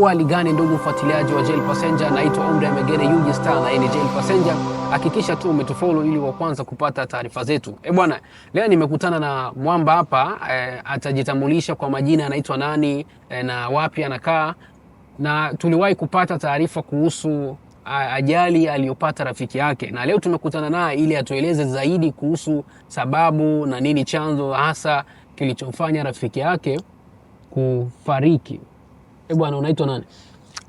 Ualigani ndugu mfuatiliaji wa Jail Passenger, naitwa Omri Megere Yuji Star na ni Jail Passenger. Hakikisha tu umetufollow ili wa kwanza kupata taarifa zetu. Eh bwana, leo nimekutana na mwamba hapa e, atajitambulisha kwa majina, anaitwa nani e, na wapi anakaa, na tuliwahi kupata taarifa kuhusu ajali aliyopata rafiki yake, na leo tumekutana naye ili atueleze zaidi kuhusu sababu na nini chanzo hasa kilichomfanya rafiki yake kufariki. Eh, bwana unaitwa nani?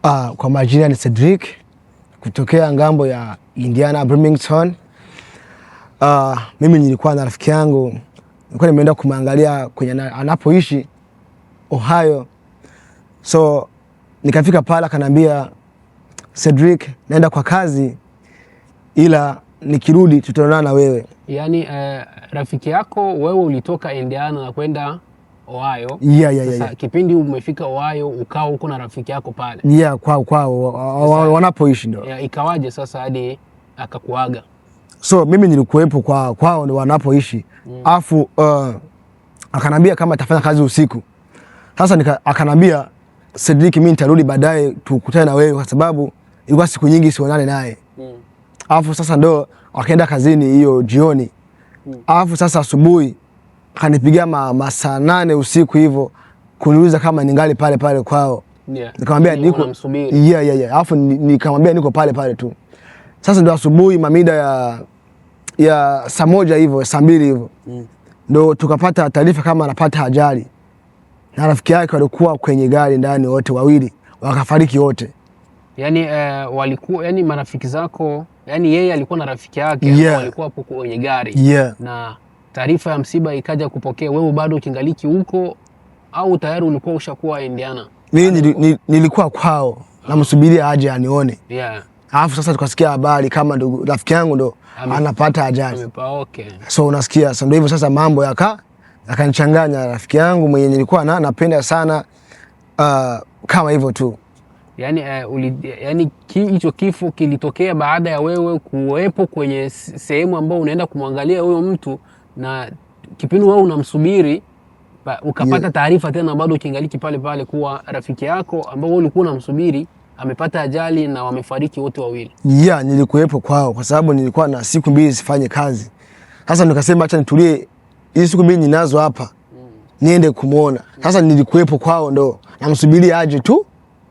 Ah, kwa majina ni Cedric kutokea ngambo ya Indiana Birmingham. Ah, mimi nilikuwa na rafiki yangu nilikuwa nimeenda kumwangalia kwenye anapoishi Ohio. So nikafika pale akaniambia, Cedric, naenda kwa kazi ila nikirudi tutaonana na wewe. Yaani, uh, rafiki yako wewe ulitoka Indiana na kwenda Ohio. Yeah, yeah, yeah, yeah. Kipindi umefika Ohio ukao huko na rafiki yako pale. Yeah, kwao kwao wanapoishi ndio. Yeah, ikawaje sasa hadi akakuaga? So mimi nilikuwepo kwa kwao ni wanapoishi. Mm. Afu uh, akanambia kama atafanya kazi usiku. Sasa akanambia Cedric, mimi nitarudi baadaye tukutane na wewe kwa sababu ilikuwa siku nyingi sionane naye. Mm. Afu sasa ndo akaenda kazini hiyo jioni. Mm. Afu sasa asubuhi kanipigia ma, masaa nane usiku hivyo kuniuliza kama ningali pale pale kwao. Yeah. Nikamwambia yaani niko yeah, yeah, yeah. Alafu nikamwambia niko pale pale tu. Sasa ndo asubuhi mamida ya ya saa moja hivyo saa mbili hivyo mm. Ndo tukapata taarifa kama anapata ajali na rafiki yake walikuwa kwenye gari ndani, wote wawili wakafariki wote. Yani uh, eh, walikuwa yani marafiki zako, yani yeye alikuwa na rafiki yake yeah. Walikuwa hapo kwenye gari yeah. na taarifa ya msiba ikaja kupokea wewe bado ukingaliki huko au tayari ulikuwa ushakuwa Indiana? Mimi nilikuwa kwao namsubiria aje anione, yeah. Alafu sasa tukasikia habari kama ndugu rafiki yangu ndo anapata ajali. Okay. So unasikia so ndio hivyo sasa mambo yaka akanichanganya rafiki yangu mwenye nilikuwa na napenda sana uh, kama hivyo tu yani, uh, yani hicho kifo kilitokea baada ya wewe kuwepo kwenye sehemu ambayo unaenda kumwangalia huyo mtu na kipindi wewe unamsubiri ukapata yeah. taarifa tena, bado ukiangaliki pale pale kuwa rafiki yako ambao wewe ulikuwa unamsubiri amepata ajali na wamefariki wote wawili. Yeah, nilikuwepo kwao kwa sababu nilikuwa na siku mbili sifanye kazi. Sasa nikasema acha nitulie, hizi siku mbili ninazo hapa mm. niende kumwona. Sasa nilikuwepo kwao, ndo namsubiri aje tu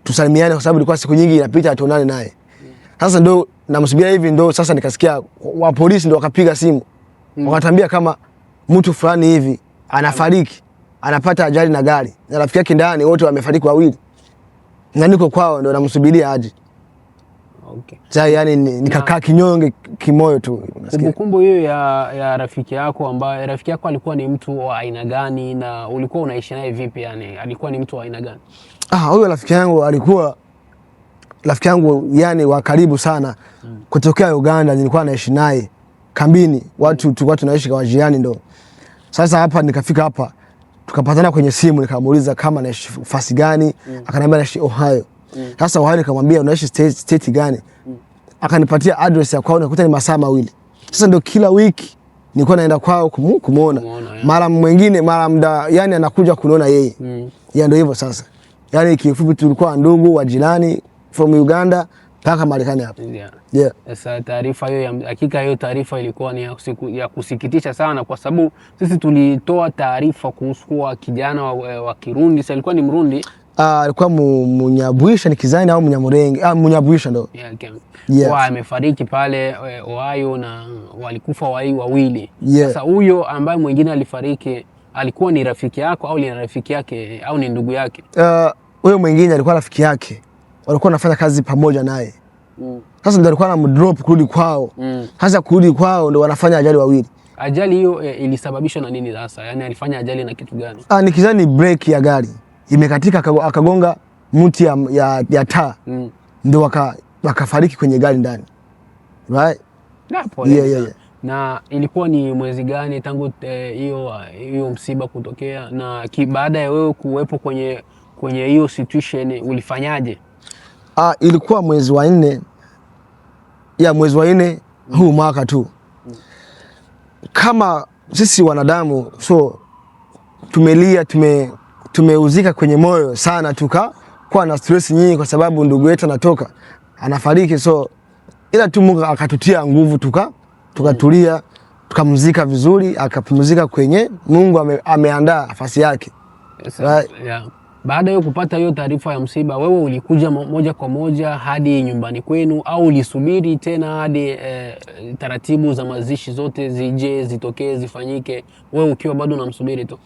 tusalimiane, kwa sababu ilikuwa siku nyingi inapita hatuonane naye. Sasa ndo namsubiria hivi, ndo sasa nikasikia wa polisi ndo wakapiga simu mm. wakatambia kama mtu fulani hivi anafariki anapata ajali na gari na rafiki yake ndani, wote wamefariki wawili, na niko kwao ndo namsubiria aje. Okay. Sasa yani nikakaa kinyonge kimoyo tu. Kumbukumbu hiyo ya, ya rafiki yako ambaye rafiki yako alikuwa ni mtu wa aina gani na ulikuwa unaishi naye vipi? Yani alikuwa ni mtu wa aina gani? Ah, huyo rafiki yangu alikuwa rafiki yangu yani wa karibu sana. Hmm. Kutokea Uganda nilikuwa naishi naye kambini, watu tulikuwa tunaishi kwa jirani ndo. Sasa hapa nikafika hapa tukapatana kwenye simu, nikamuuliza kama naishi fasi gani mm. Akaniambia naishi Ohio mm. Sasa Ohio nikamwambia unaishi state, state gani mm. Akanipatia address ya kwao, nakuta ni masaa mawili. Sasa ndo kila wiki nilikuwa naenda kwao kumuona, mara mwingine mara mda, yani anakuja kuniona yeye mm. Ya ndo hivyo sasa, yani kifupi tulikuwa ndugu wa jirani from Uganda mpaka Marekani hapa. Yeah. Yeah. Sasa taarifa hiyo hakika, hiyo taarifa ilikuwa ni ya, kusiku, ya kusikitisha sana, kwa sababu sisi tulitoa taarifa kuhusu kuwa kijana wa, wa Kirundi, sasa alikuwa ni Mrundi ah, alikuwa uh, Munyabwisha ni kizani au Munyamurenge ah, Munyabwisha ndo amefariki pale eh, Ohio na walikufa wai wawili. Yeah. Sasa huyo ambaye mwingine alifariki alikuwa ni rafiki yako au ni rafiki yake au ni ndugu yake? Ah, huyo uh, mwingine alikuwa rafiki yake walikuwa wanafanya kazi pamoja naye mm. Sasa ndio alikuwa anamdrop kurudi kwao mm. Sasa kurudi kwao ndio wanafanya ajali wawili. Ajali hiyo e, ilisababishwa na nini sasa? Yani alifanya ajali na kitu gani? Ah, nikizani breki ya gari imekatika akagonga mti ya, ya, ya taa mm. Ndio waka, wakafariki kwenye gari ndani right? yeah, yeah, yeah. Na ilikuwa ni mwezi gani tangu eh, hiyo hiyo msiba kutokea, na baada ya wewe kuwepo kwenye kwenye hiyo situation ulifanyaje? Ah, ilikuwa mwezi wa nne ya mwezi wa nne mm. huu mwaka tu mm. kama sisi wanadamu so tumelia tume tumeuzika kwenye moyo sana, tukakuwa na stress nyingi, kwa sababu ndugu yetu anatoka anafariki. So ila tu Mungu akatutia nguvu, tuka tukatulia tukamzika vizuri, akapumzika kwenye Mungu ame, ameandaa nafasi yake right? yeah. Baada ya kupata hiyo taarifa ya msiba, wewe ulikuja moja kwa moja hadi nyumbani kwenu au ulisubiri tena hadi e, taratibu za mazishi zote zije zitokee zifanyike, wewe ukiwa bado unamsubiri tu?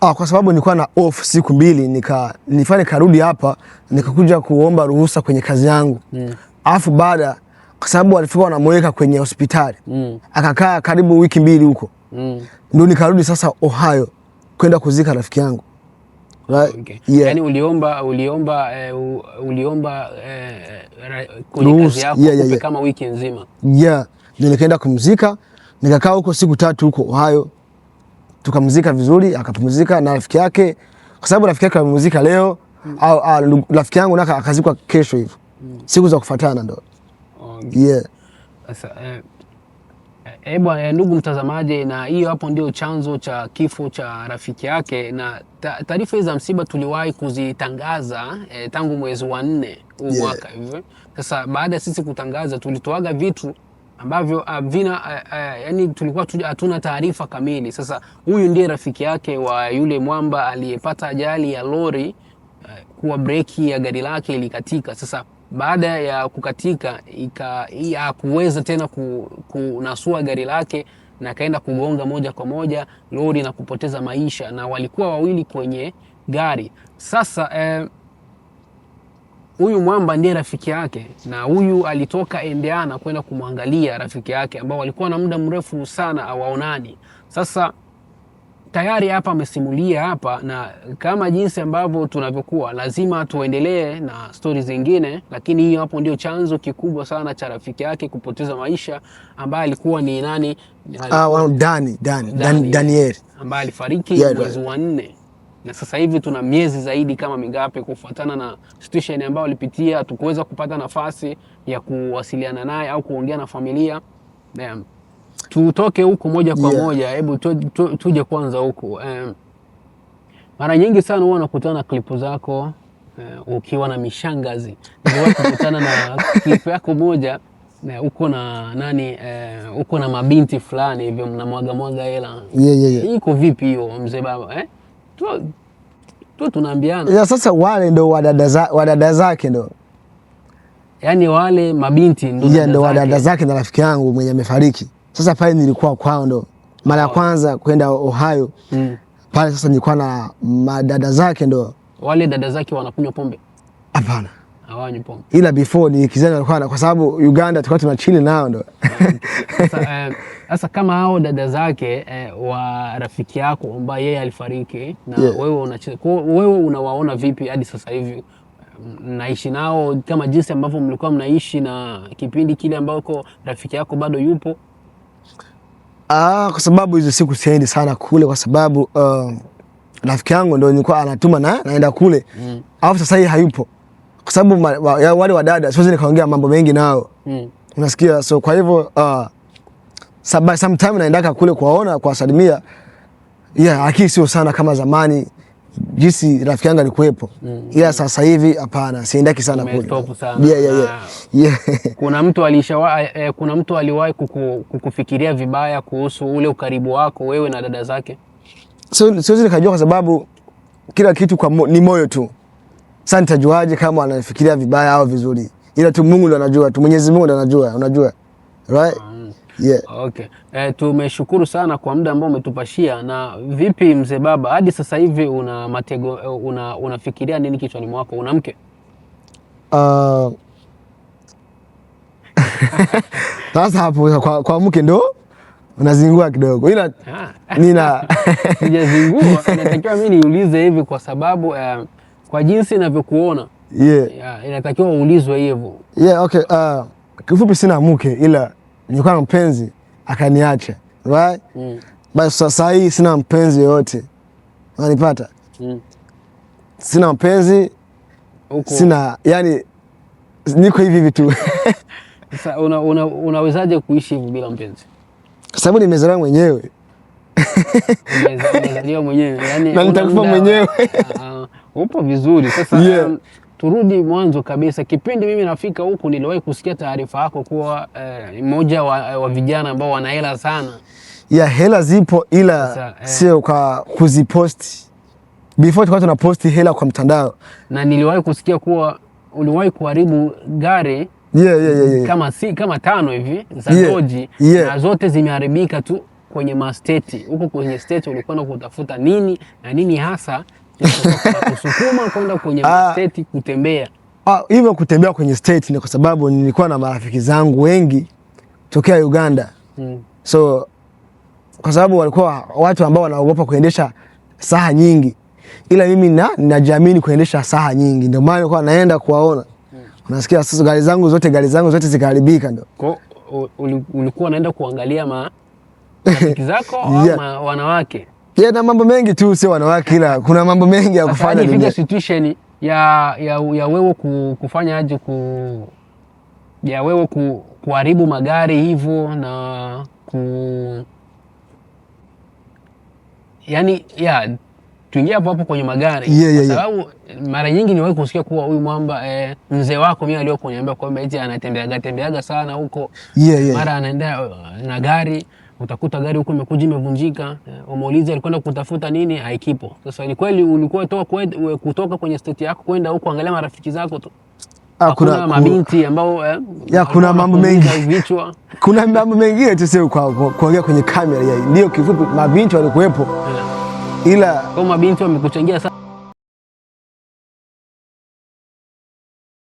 Ah, kwa sababu nilikuwa na off siku mbili, nika nifanye karudi hapa, nikakuja kuomba ruhusa kwenye kazi yangu mm. Afu baada kwa sababu walifika wanamweka kwenye hospitali mm. Akakaa karibu wiki mbili huko mm. Ndio nikarudi sasa Ohio kwenda kuzika rafiki yangu Right. Yeah. Yani uliomba uliomba uh, uliomba uh, kazi yako yeah, yeah, yeah. Kama wiki nzima. Yeah. kumzika, nikakaa huko siku tatu huko Ohio. Tukamzika vizuri, akapumzika na rafiki yake kwa sababu rafiki yake amemzika leo hmm. au rafiki yangu naka akazikwa kesho hivyo. Hmm. Siku za kufuatana ndo. Okay. Yeah. Eh, E ndugu mtazamaji, na hiyo hapo ndio chanzo cha kifo cha rafiki yake, na taarifa hizi za msiba tuliwahi kuzitangaza e, tangu mwezi wa nne huu mwaka hivyo Sasa baada ya sisi kutangaza, tulitoaga vitu ambavyo havina ah, ah, ah, yani, tulikuwa hatuna taarifa kamili. Sasa huyu ndiye rafiki yake wa yule mwamba aliyepata ajali ya lori, kuwa breki ya gari lake ilikatika. Sasa baada ya kukatika hakuweza tena kunasua gari lake na akaenda kugonga moja kwa moja lori na kupoteza maisha, na walikuwa wawili kwenye gari. Sasa eh, huyu eh, mwamba ndiye rafiki yake, na huyu alitoka Indiana kwenda kumwangalia rafiki yake ambao walikuwa na muda mrefu sana hawaonani. Sasa tayari hapa amesimulia hapa, na kama jinsi ambavyo tunavyokuwa lazima tuendelee na stori zingine, lakini hiyo hapo ndio chanzo kikubwa sana cha rafiki yake kupoteza maisha, ambaye alikuwa ni nani? Ah, Dani Dani Daniel ambaye alifariki mwezi wa nne na sasa hivi tuna miezi zaidi kama mingapi kufuatana na situation ambayo alipitia, tukuweza kupata nafasi ya kuwasiliana naye au kuongea na familia Damn tutoke huku moja kwa yeah, moja. Hebu tuje tu, tuje kwanza huku um, mara nyingi sana huwa nakutana klipu zako uh, ukiwa na mishangazi. Niliwahi kukutana na klipu yako moja eh, uko na nani uh, uko na mabinti fulani hivyo mnamwaga mwaga hela yeah, yeah, yeah. Iko vipi hiyo mzee baba eh? tu tunaambiana yeah, sasa wale ndo wadada za, wadada zake ndo yani wale mabinti ndo yeah, wadada zake na rafiki yangu mwenye amefariki sasa pale nilikuwa kwao, ndo mara ya kwanza kwenda Ohio mm. Pale sasa nilikuwa na madada zake, ndo wale dada zake wanakunywa pombe? Hapana, hawanywi pombe, ila before ni kizani walikuwa, kwa sababu Uganda tulikuwa tuna chini nao ndo sasa. Eh, kama hao dada zake eh, wa rafiki yako ambaye yeye alifariki na yeah. Wewe una wewe unawaona vipi hadi sasa hivi? Naishi nao kama jinsi ambavyo mlikuwa mnaishi na kipindi kile ambako rafiki yako bado yupo? Ah, kwa sababu hizo siku siendi sana kule kwa sababu uh, rafiki yangu ndio nilikuwa anatuma na naenda kule. Mm. Alafu sasa hii hayupo. Kwa sababu wa, wale wadada siwezi nikaongea mambo mengi nao. Mm. Unasikia? So kwa hivyo uh, sometimes naendaka kule kuwaona kuwasalimia. Yeah, akili sio sana kama zamani jinsi rafiki yangu alikuwepo mm. Ila sasa hivi hapana, siendaki sana kule Yeah, yeah, yeah. Ah. Yeah. Kuna mtu alishawa, eh, kuna mtu aliwahi kuku, kukufikiria vibaya kuhusu ule ukaribu wako wewe na dada zake? Siwezi nikajua kwa sababu kila kitu kwa mo, ni moyo tu. Sasa nitajuaje kama anafikiria vibaya au vizuri? Ila tu Mungu ndo anajua tu, Mwenyezi Mungu ndo anajua, unajua right? yeah. Okay. E, tumeshukuru sana kwa muda ambao umetupashia. Na vipi mzee baba, hadi sasa hivi una matego, eh, una unafikiria nini kichwani mwako? Una mke? Uh... Sasa hapo kwa, kwa mke ndo unazingua kidogo, ila ah. nina sijazingua inatakiwa mimi niulize hivi kwa sababu uh, kwa jinsi inavyokuona yeah. Yeah, inatakiwa uulizwe hivyo yeah, okay. Uh, kifupi sina mke ila nilikuwa na mpenzi akaniacha, right? mm. Basi sasa hii sina mpenzi yoyote, unanipata? mm. Sina mpenzi Uko. Sina yani, niko hivi hivi tu. Sasa una, una, unawezaje kuishi hivi bila mpenzi? Kwa sababu nimezaliwa mwenyewe nimezaliwa mwenyewe yani, na nitakufa mwenyewe. Ah, ah. Upo vizuri sasa, yeah. um, Turudi mwanzo kabisa, kipindi mimi nafika huku niliwahi kusikia taarifa yako kuwa mmoja eh, wa, wa vijana ambao wana hela sana. Ya hela zipo ila eh, sio kwa kuziposti. Before tulikuwa tunaposti hela kwa mtandao, na niliwahi kusikia kuwa uliwahi kuharibu gari yeah, yeah, yeah, yeah. Kama, si, kama tano hivi za doji yeah, yeah. Na zote zimeharibika tu kwenye masteti huko. Kwenye state ulikwenda kutafuta nini na nini hasa kusukuma kwenda kwenye ah. state kutembea. Ah, hivyo kutembea kwenye state ni kwa sababu nilikuwa na marafiki zangu wengi tokea Uganda mm. So kwa sababu walikuwa watu ambao wanaogopa kuendesha saha nyingi, ila mimi na najiamini kuendesha saha nyingi, ndio maana nilikuwa naenda kuwaona mm. Unasikia sasa, gari zangu zote gari zangu zote zikaharibika, ndio ulikuwa unaenda kuangalia ma rafiki zako yeah. Wanawake Yeah, na mambo mengi tu, sio wanawake, ila kuna mambo mengi ya kufanya dunia. Situation ya ya ya wewe kufanya aje ku ya wewe ku, kuharibu magari hivyo na ku yani ya tuingia hapo hapo kwenye magari yeah, yeah, sababu yeah. Mara nyingi niwahi kusikia kuwa huyu mwamba eh, mzee wako mimi aliyokuniambia kwamba eti anatembeaga tembeaga sana huko yeah, yeah. Mara anaenda eh, na gari utakuta gari huko imekuja imevunjika, eh, umeuliza alikwenda kutafuta nini, haikipo. Sasa ni kweli ulikuwa toka kutoka kwenye state yako kwenda huko, angalia marafiki zako tu. Ah, kuna mabinti ambao eh, ya kuna mambo mengi kuna mambo mengine sio kwa kuongea kwenye kamera, ndio kifupi, mabinti walikuwepo, eh. ila kwa mabinti wamekuchangia sana.